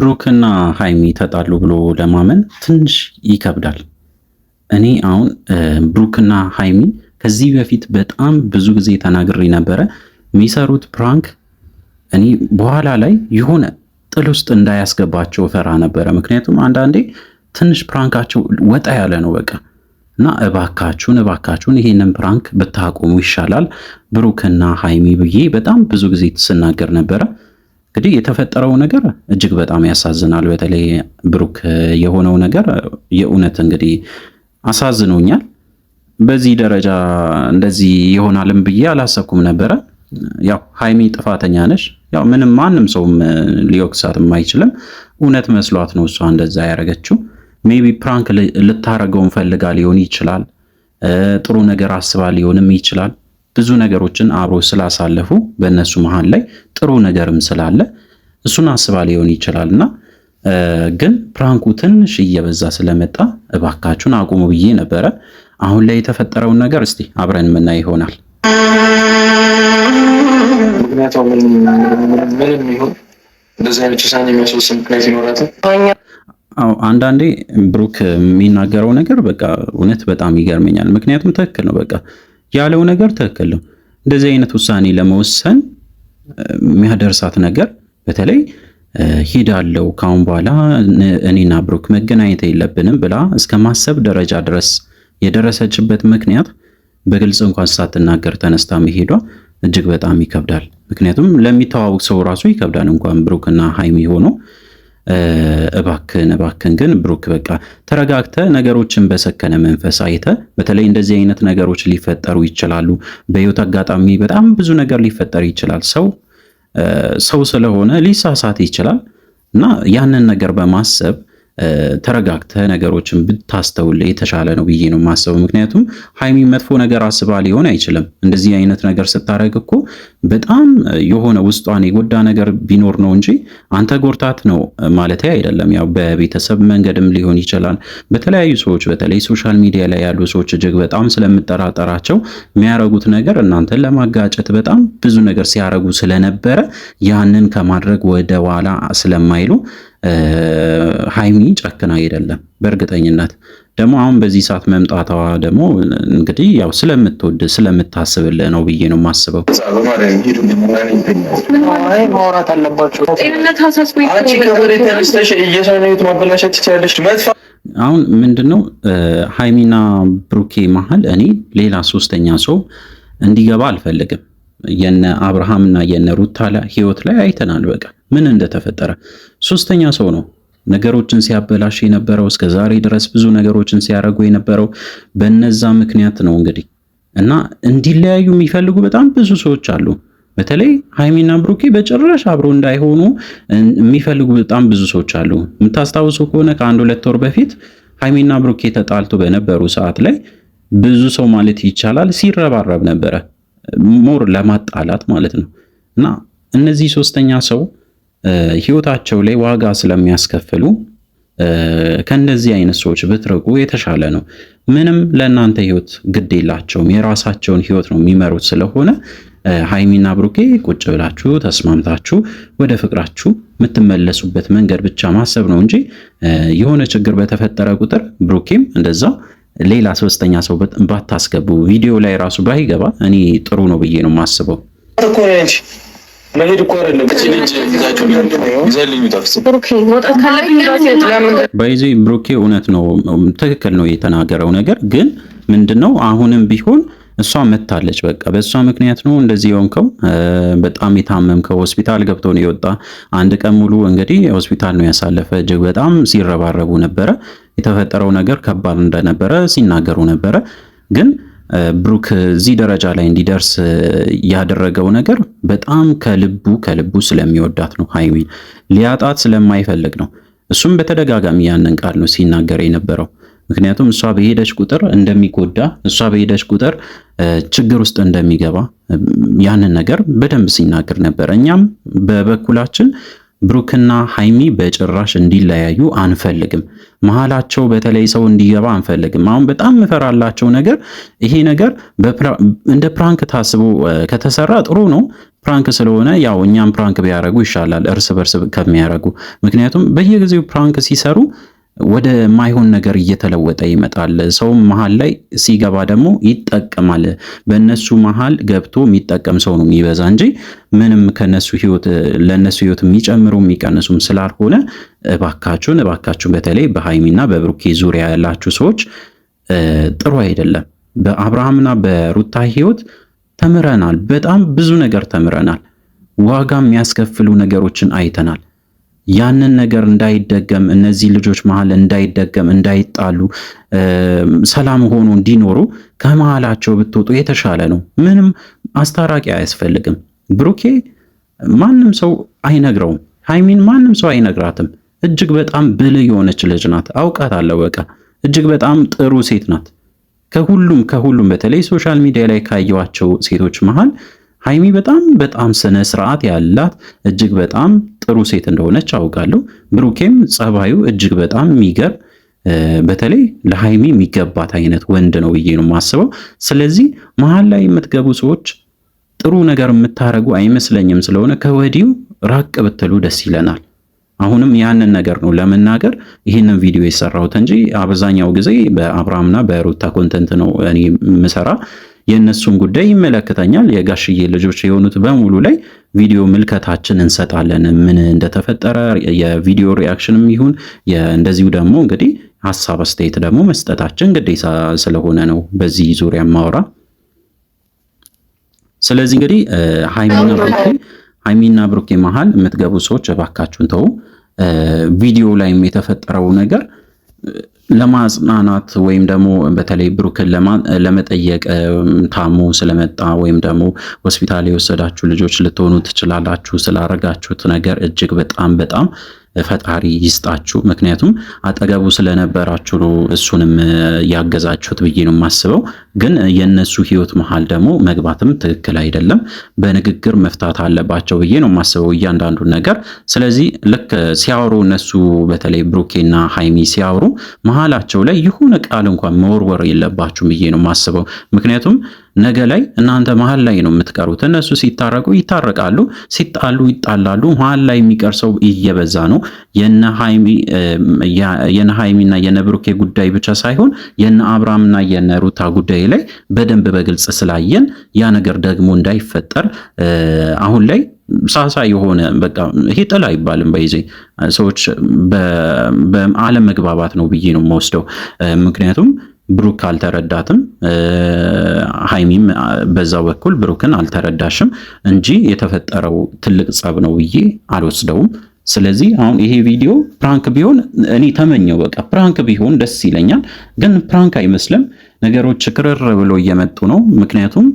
ብሩክና ሀይሚ ተጣሉ ብሎ ለማመን ትንሽ ይከብዳል። እኔ አሁን ብሩክና ሀይሚ ከዚህ በፊት በጣም ብዙ ጊዜ ተናግሬ ነበረ። የሚሰሩት ፕራንክ እኔ በኋላ ላይ የሆነ ጥል ውስጥ እንዳያስገባቸው ፈራ ነበረ። ምክንያቱም አንዳንዴ ትንሽ ፕራንካቸው ወጣ ያለ ነው በቃ እና እባካችሁን እባካችሁን ይሄንን ፕራንክ ብታቆሙ ይሻላል ብሩክና ሀይሚ ብዬ በጣም ብዙ ጊዜ ስናገር ነበረ። እንግዲህ የተፈጠረው ነገር እጅግ በጣም ያሳዝናል። በተለይ ብሩክ የሆነው ነገር የእውነት እንግዲህ አሳዝኖኛል። በዚህ ደረጃ እንደዚህ ይሆናልም ብዬ አላሰብኩም ነበረ። ያው ሀይሚ ጥፋተኛ ነሽ። ያው ምንም ማንም ሰውም ሊወቅሳትም አይችልም። እውነት መስሏት ነው እሷ እንደዛ ያደረገችው። ሜቢ ፕራንክ ልታረገውን ፈልጋ ሊሆን ይችላል። ጥሩ ነገር አስባ ሊሆንም ይችላል። ብዙ ነገሮችን አብሮ ስላሳለፉ በእነሱ መሀል ላይ ጥሩ ነገርም ስላለ እሱን አስባ ሊሆን ይችላል እና ግን ፕራንኩ ትንሽ እየበዛ ስለመጣ እባካችሁን አቁሙ ብዬ ነበረ። አሁን ላይ የተፈጠረውን ነገር እስቲ አብረን የምናይ ይሆናል። አንዳንዴ ብሩክ የሚናገረው ነገር በቃ እውነት በጣም ይገርመኛል። ምክንያቱም ትክክል ነው በቃ ያለው ነገር ትክክል ነው። እንደዚህ አይነት ውሳኔ ለመወሰን የሚያደርሳት ነገር በተለይ ሂዳለው ካሁን በኋላ እኔና ብሩክ መገናኘት የለብንም ብላ እስከ ማሰብ ደረጃ ድረስ የደረሰችበት ምክንያት በግልጽ እንኳን ሳትናገር ተነስታ መሄዷ እጅግ በጣም ይከብዳል። ምክንያቱም ለሚተዋወቅ ሰው ራሱ ይከብዳል፣ እንኳን ብሩክና ሀይሚ ሆኖ እባክን እባክን ግን ብሩክ በቃ ተረጋግተ ነገሮችን በሰከነ መንፈስ አይተ በተለይ እንደዚህ አይነት ነገሮች ሊፈጠሩ ይችላሉ። በህይወት አጋጣሚ በጣም ብዙ ነገር ሊፈጠር ይችላል። ሰው ሰው ስለሆነ ሊሳሳት ይችላል እና ያንን ነገር በማሰብ ተረጋግተ ነገሮችን ብታስተውል የተሻለ ነው ብዬ ነው የማስበው። ምክንያቱም ሀይሚ መጥፎ ነገር አስባ ሊሆን አይችልም። እንደዚህ አይነት ነገር ስታደረግ እኮ በጣም የሆነ ውስጧን የጎዳ ነገር ቢኖር ነው እንጂ አንተ ጎርታት ነው ማለት አይደለም። ያው በቤተሰብ መንገድም ሊሆን ይችላል። በተለያዩ ሰዎች በተለይ ሶሻል ሚዲያ ላይ ያሉ ሰዎች እጅግ በጣም ስለምጠራጠራቸው የሚያረጉት ነገር እናንተን ለማጋጨት በጣም ብዙ ነገር ሲያረጉ ስለነበረ ያንን ከማድረግ ወደ ኋላ ስለማይሉ ሀይሚ ጨክና አይደለም። በእርግጠኝነት ደግሞ አሁን በዚህ ሰዓት መምጣቷ ደግሞ እንግዲህ ያው ስለምትወድ ስለምታስብልህ ነው ብዬ ነው የማስበው። ማውራት አለባቸው። አሁን ምንድነው ሀይሚና ብሩኬ መሀል እኔ ሌላ ሶስተኛ ሰው እንዲገባ አልፈልግም። የነ አብርሃምና የነ ሩታ ህይወት ላይ አይተናል። በቃ ምን እንደተፈጠረ ሶስተኛ ሰው ነው ነገሮችን ሲያበላሽ የነበረው እስከ ዛሬ ድረስ ብዙ ነገሮችን ሲያደርጉ የነበረው በነዛ ምክንያት ነው እንግዲህ እና እንዲለያዩ የሚፈልጉ በጣም ብዙ ሰዎች አሉ። በተለይ ሃይሚና ብሩኬ በጭራሽ አብሮ እንዳይሆኑ የሚፈልጉ በጣም ብዙ ሰዎች አሉ። የምታስታውሱ ከሆነ ከአንድ ሁለት ወር በፊት ሃይሚና ብሩኬ ተጣልቶ በነበሩ ሰዓት ላይ ብዙ ሰው ማለት ይቻላል ሲረባረብ ነበረ። ሞር ለማጣላት ማለት ነው። እና እነዚህ ሶስተኛ ሰው ህይወታቸው ላይ ዋጋ ስለሚያስከፍሉ ከእንደዚህ አይነት ሰዎች ብትርቁ የተሻለ ነው። ምንም ለእናንተ ህይወት ግድ የላቸውም። የራሳቸውን ህይወት ነው የሚመሩት። ስለሆነ ሀይሚና ብሩኬ ቁጭ ብላችሁ ተስማምታችሁ ወደ ፍቅራችሁ የምትመለሱበት መንገድ ብቻ ማሰብ ነው እንጂ የሆነ ችግር በተፈጠረ ቁጥር ብሩኬም እንደዛ። ሌላ ሶስተኛ ሰው ባታስገቡ ቪዲዮ ላይ ራሱ ባይገባ እኔ ጥሩ ነው ብዬ ነው የማስበው። ባይዜ ብሩኬ እውነት ነው፣ ትክክል ነው የተናገረው ነገር ግን ምንድነው አሁንም ቢሆን እሷ መታለች። በቃ በእሷ ምክንያት ነው እንደዚህ የሆንከው። በጣም የታመምከው ሆስፒታል ገብቶ ነው የወጣ። አንድ ቀን ሙሉ እንግዲህ ሆስፒታል ነው ያሳለፈ። እጅግ በጣም ሲረባረቡ ነበረ። የተፈጠረው ነገር ከባድ እንደነበረ ሲናገሩ ነበረ ግን ብሩክ እዚህ ደረጃ ላይ እንዲደርስ ያደረገው ነገር በጣም ከልቡ ከልቡ ስለሚወዳት ነው። ሀይሚን ሊያጣት ስለማይፈልግ ነው። እሱም በተደጋጋሚ ያንን ቃል ነው ሲናገር የነበረው። ምክንያቱም እሷ በሄደች ቁጥር እንደሚጎዳ እሷ በሄደች ቁጥር ችግር ውስጥ እንደሚገባ ያንን ነገር በደንብ ሲናገር ነበር። እኛም በበኩላችን ብሩክና ሀይሚ በጭራሽ እንዲለያዩ አንፈልግም። መሀላቸው በተለይ ሰው እንዲገባ አንፈልግም። አሁን በጣም ምፈራላቸው ነገር ይሄ ነገር እንደ ፕራንክ ታስቦ ከተሰራ ጥሩ ነው። ፕራንክ ስለሆነ ያው እኛም ፕራንክ ቢያደርጉ ይሻላል እርስ በርስ ከሚያደርጉ። ምክንያቱም በየጊዜው ፕራንክ ሲሰሩ ወደ ማይሆን ነገር እየተለወጠ ይመጣል። ሰውም መሀል ላይ ሲገባ ደግሞ ይጠቀማል። በእነሱ መሀል ገብቶ የሚጠቀም ሰው ነው የሚበዛ እንጂ ምንም ከነሱ ህይወት ለነሱ ህይወት የሚጨምሩ የሚቀንሱም ስላልሆነ እባካችሁን እባካችሁን በተለይ በሃይሚና በብሩኬ ዙሪያ ያላችሁ ሰዎች ጥሩ አይደለም። በአብርሃምና በሩታ ህይወት ተምረናል። በጣም ብዙ ነገር ተምረናል። ዋጋ የሚያስከፍሉ ነገሮችን አይተናል። ያንን ነገር እንዳይደገም እነዚህ ልጆች መሀል እንዳይደገም እንዳይጣሉ ሰላም ሆኖ እንዲኖሩ ከመሀላቸው ብትወጡ የተሻለ ነው። ምንም አስታራቂ አያስፈልግም። ብሩኬ ማንም ሰው አይነግረውም። ሃይሚን ማንም ሰው አይነግራትም። እጅግ በጣም ብልህ የሆነች ልጅ ናት። አውቃታለሁ። በቃ እጅግ በጣም ጥሩ ሴት ናት። ከሁሉም ከሁሉም በተለይ ሶሻል ሚዲያ ላይ ካየዋቸው ሴቶች መሃል ሀይሚ በጣም በጣም ስነ ስርዓት ያላት እጅግ በጣም ጥሩ ሴት እንደሆነች አውቃለሁ። ብሩኬም ጸባዩ እጅግ በጣም የሚገርም በተለይ ለሀይሚ የሚገባት አይነት ወንድ ነው ብዬ ነው የማስበው። ስለዚህ መሀል ላይ የምትገቡ ሰዎች ጥሩ ነገር የምታደርጉ አይመስለኝም። ስለሆነ ከወዲሁ ራቅ ብትሉ ደስ ይለናል። አሁንም ያንን ነገር ነው ለመናገር ይህንን ቪዲዮ የሰራሁት እንጂ አብዛኛው ጊዜ በአብርሃምና በሩታ ኮንተንት ነው እኔ የምሰራ የእነሱን ጉዳይ ይመለከተኛል። የጋሽዬ ልጆች የሆኑት በሙሉ ላይ ቪዲዮ ምልከታችን እንሰጣለን። ምን እንደተፈጠረ የቪዲዮ ሪያክሽንም ይሁን እንደዚሁ ደግሞ እንግዲህ ሀሳብ አስተያየት ደግሞ መስጠታችን ግዴታ ስለሆነ ነው በዚህ ዙሪያ ማውራ። ስለዚህ እንግዲህ ሃይሚና ብሩኬ ሃይሚና ብሩኬ መሃል የምትገቡ ሰዎች እባካችሁን ተው። ቪዲዮ ላይም የተፈጠረው ነገር ለማጽናናት ወይም ደግሞ በተለይ ብሩክን ለመጠየቅ ታሞ ስለመጣ ወይም ደግሞ ሆስፒታል የወሰዳችሁ ልጆች ልትሆኑ ትችላላችሁ። ስላረጋችሁት ነገር እጅግ በጣም በጣም ፈጣሪ ይስጣችሁ። ምክንያቱም አጠገቡ ስለነበራችሁ ነው እሱንም ያገዛችሁት ብዬ ነው የማስበው። ግን የእነሱ ህይወት መሀል ደግሞ መግባትም ትክክል አይደለም። በንግግር መፍታት አለባቸው ብዬ ነው የማስበው እያንዳንዱን ነገር። ስለዚህ ልክ ሲያወሩ እነሱ በተለይ ብሩኬና ሀይሚ ሲያወሩ መሀላቸው ላይ የሆነ ቃል እንኳን መወርወር የለባችሁም ብዬ ነው የማስበው ምክንያቱም ነገ ላይ እናንተ መሀል ላይ ነው የምትቀሩት። እነሱ ሲታረቁ ይታረቃሉ፣ ሲጣሉ ይጣላሉ። መሀል ላይ የሚቀር ሰው እየበዛ ነው። የነ ሀይሚና የነ ብሩኬ ጉዳይ ብቻ ሳይሆን የነ አብርሃምና የነ ሩታ ጉዳይ ላይ በደንብ በግልጽ ስላየን ያ ነገር ደግሞ እንዳይፈጠር አሁን ላይ ሳሳ የሆነ በቃ ይሄ ጥል አይባልም። በይዜ ሰዎች በአለመግባባት ነው ብዬ ነው የምወስደው ምክንያቱም ብሩክ አልተረዳትም። ሀይሚም በዛ በኩል ብሩክን አልተረዳሽም እንጂ የተፈጠረው ትልቅ ጸብ ነው ብዬ አልወስደውም። ስለዚህ አሁን ይሄ ቪዲዮ ፕራንክ ቢሆን እኔ ተመኘው፣ በቃ ፕራንክ ቢሆን ደስ ይለኛል። ግን ፕራንክ አይመስልም። ነገሮች ክርር ብሎ እየመጡ ነው። ምክንያቱም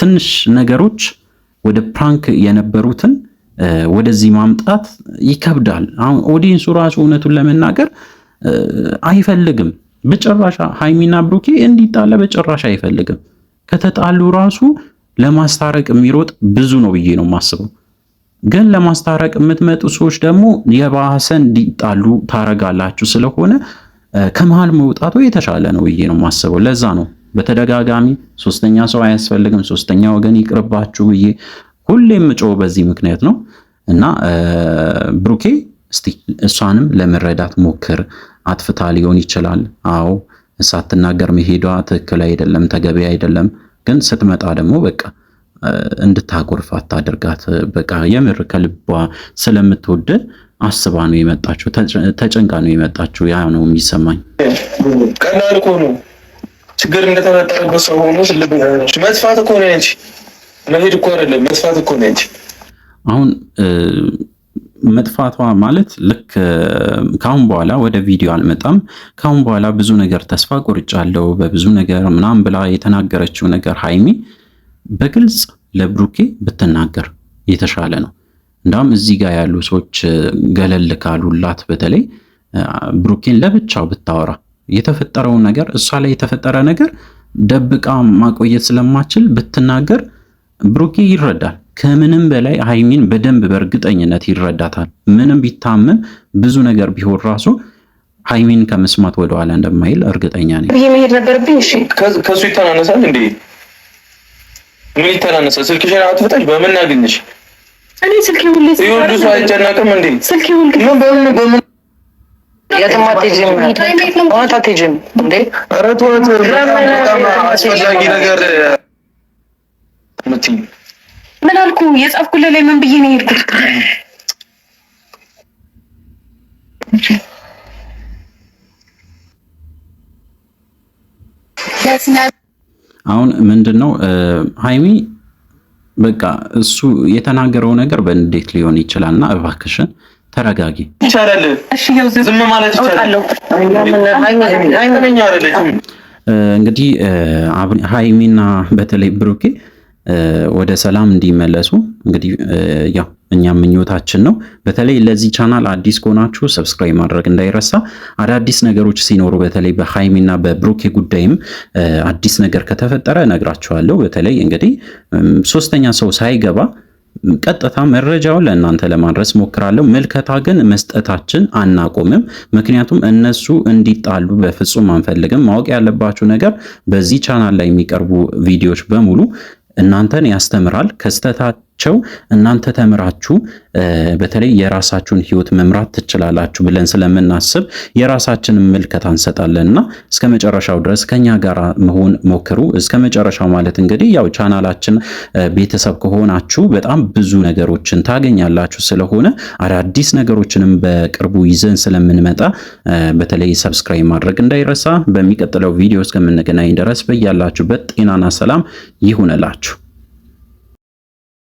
ትንሽ ነገሮች ወደ ፕራንክ የነበሩትን ወደዚህ ማምጣት ይከብዳል። አሁን ኦዲንሱ ራሱ እውነቱን ለመናገር አይፈልግም። በጭራሽ ሃይሚና ብሩኬ እንዲጣለ በጭራሽ አይፈልግም። ከተጣሉ ራሱ ለማስታረቅ የሚሮጥ ብዙ ነው ብዬ ነው የማስበው። ግን ለማስታረቅ የምትመጡ ሰዎች ደግሞ የባሰ እንዲጣሉ ታረጋላችሁ። ስለሆነ ከመሃል መውጣቱ የተሻለ ነው ብዬ ነው የማስበው። ለዛ ነው በተደጋጋሚ ሶስተኛ ሰው አያስፈልግም፣ ሶስተኛ ወገን ይቅርባችሁ ብዬ ሁሌም ጮ በዚህ ምክንያት ነው እና ብሩኬ እስቲ እሷንም ለመረዳት ሞክር። አጥፍታ ሊሆን ይችላል። አዎ ሳትናገር መሄዷ ትክክል አይደለም፣ ተገቢ አይደለም። ግን ስትመጣ ደግሞ በቃ እንድታጎርፍ አታድርጋት። በቃ የምር ከልቧ ስለምትወድ አስባ ነው የመጣችው፣ ተጨንቃ ነው የመጣችው። ያ ነው የሚሰማኝ። ቀላል እኮ ነው ችግር እንደተፈጠረበት ሰው ሆኖ ትልብ መጥፋት እኮ ነው እንጂ መሄድ እኮ አይደለም፣ መጥፋት እኮ ነው አሁን መጥፋቷ ማለት ልክ ካሁን በኋላ ወደ ቪዲዮ አልመጣም፣ ካሁን በኋላ ብዙ ነገር ተስፋ ቆርጫለሁ በብዙ ነገር ምናምን ብላ የተናገረችው ነገር ሀይሚ በግልጽ ለብሩኬ ብትናገር የተሻለ ነው። እንዳውም እዚህ ጋር ያሉ ሰዎች ገለል ካሉላት በተለይ ብሩኬን ለብቻው ብታወራ የተፈጠረውን ነገር እሷ ላይ የተፈጠረ ነገር ደብቃ ማቆየት ስለማችል ብትናገር ብሩኬ ይረዳል። ከምንም በላይ ሀይሚን በደንብ በእርግጠኝነት ይረዳታል። ምንም ቢታመም ብዙ ነገር ቢሆን ራሱ ሀይሚን ከመስማት ወደኋላ እንደማይል እርግጠኛ ነኝ። ይሄ መሄድ ነበረብኝ። እሺ፣ ከሱ ይተናነሳል እንዴ? ምን ይተናነሳል? ስልክሽን አትፍጠሽ። በምን ያገኘሽ? እኔ ስልኬ ሁሌ ይሁንሱ አይጨናቅም እንዴ? ስልኬ ሁሌ ምን በምን በምን የትም አትሄጂም፣ እውነት አትሄጂም እንዴ? ኧረ ተወት። በጣም አስፈላጊ ነገር ምትይ ምን አልኩ? የጻፍኩልህ ላይ ምን ብዬ ነው የሄድኩት? አሁን ምንድን ነው ሀይሚ በቃ እሱ የተናገረው ነገር በእንዴት ሊሆን ይችላል? እና እባክሽን ተረጋጊ። ይቻላል ዝም ማለት ይቻላል። እንግዲህ ሀይሚና በተለይ ብሩኬ ወደ ሰላም እንዲመለሱ እንግዲህ ያው እኛ ምኞታችን ነው። በተለይ ለዚህ ቻናል አዲስ ከሆናችሁ ሰብስክራይብ ማድረግ እንዳይረሳ። አዳዲስ ነገሮች ሲኖሩ በተለይ በሃይሚና በብሩኬ ጉዳይም አዲስ ነገር ከተፈጠረ እነግራችኋለሁ። በተለይ እንግዲህ ሶስተኛ ሰው ሳይገባ ቀጥታ መረጃውን ለእናንተ ለማድረስ ሞክራለሁ። ምልከታ ግን መስጠታችን አናቆምም፣ ምክንያቱም እነሱ እንዲጣሉ በፍጹም አንፈልግም። ማወቅ ያለባችሁ ነገር በዚህ ቻናል ላይ የሚቀርቡ ቪዲዮዎች በሙሉ እናንተን ያስተምራል፣ ክስተታት ናቸው። እናንተ ተምራችሁ በተለይ የራሳችሁን ህይወት መምራት ትችላላችሁ ብለን ስለምናስብ የራሳችንን ምልከታ እንሰጣለንና እስከ መጨረሻው ድረስ ከኛ ጋር መሆን ሞክሩ። እስከ መጨረሻው ማለት እንግዲህ ያው ቻናላችን ቤተሰብ ከሆናችሁ በጣም ብዙ ነገሮችን ታገኛላችሁ። ስለሆነ አዳዲስ ነገሮችንም በቅርቡ ይዘን ስለምንመጣ በተለይ ሰብስክራይብ ማድረግ እንዳይረሳ። በሚቀጥለው ቪዲዮ እስከምንገናኝ ድረስ በያላችሁበት ጤናና ሰላም ይሁንላችሁ።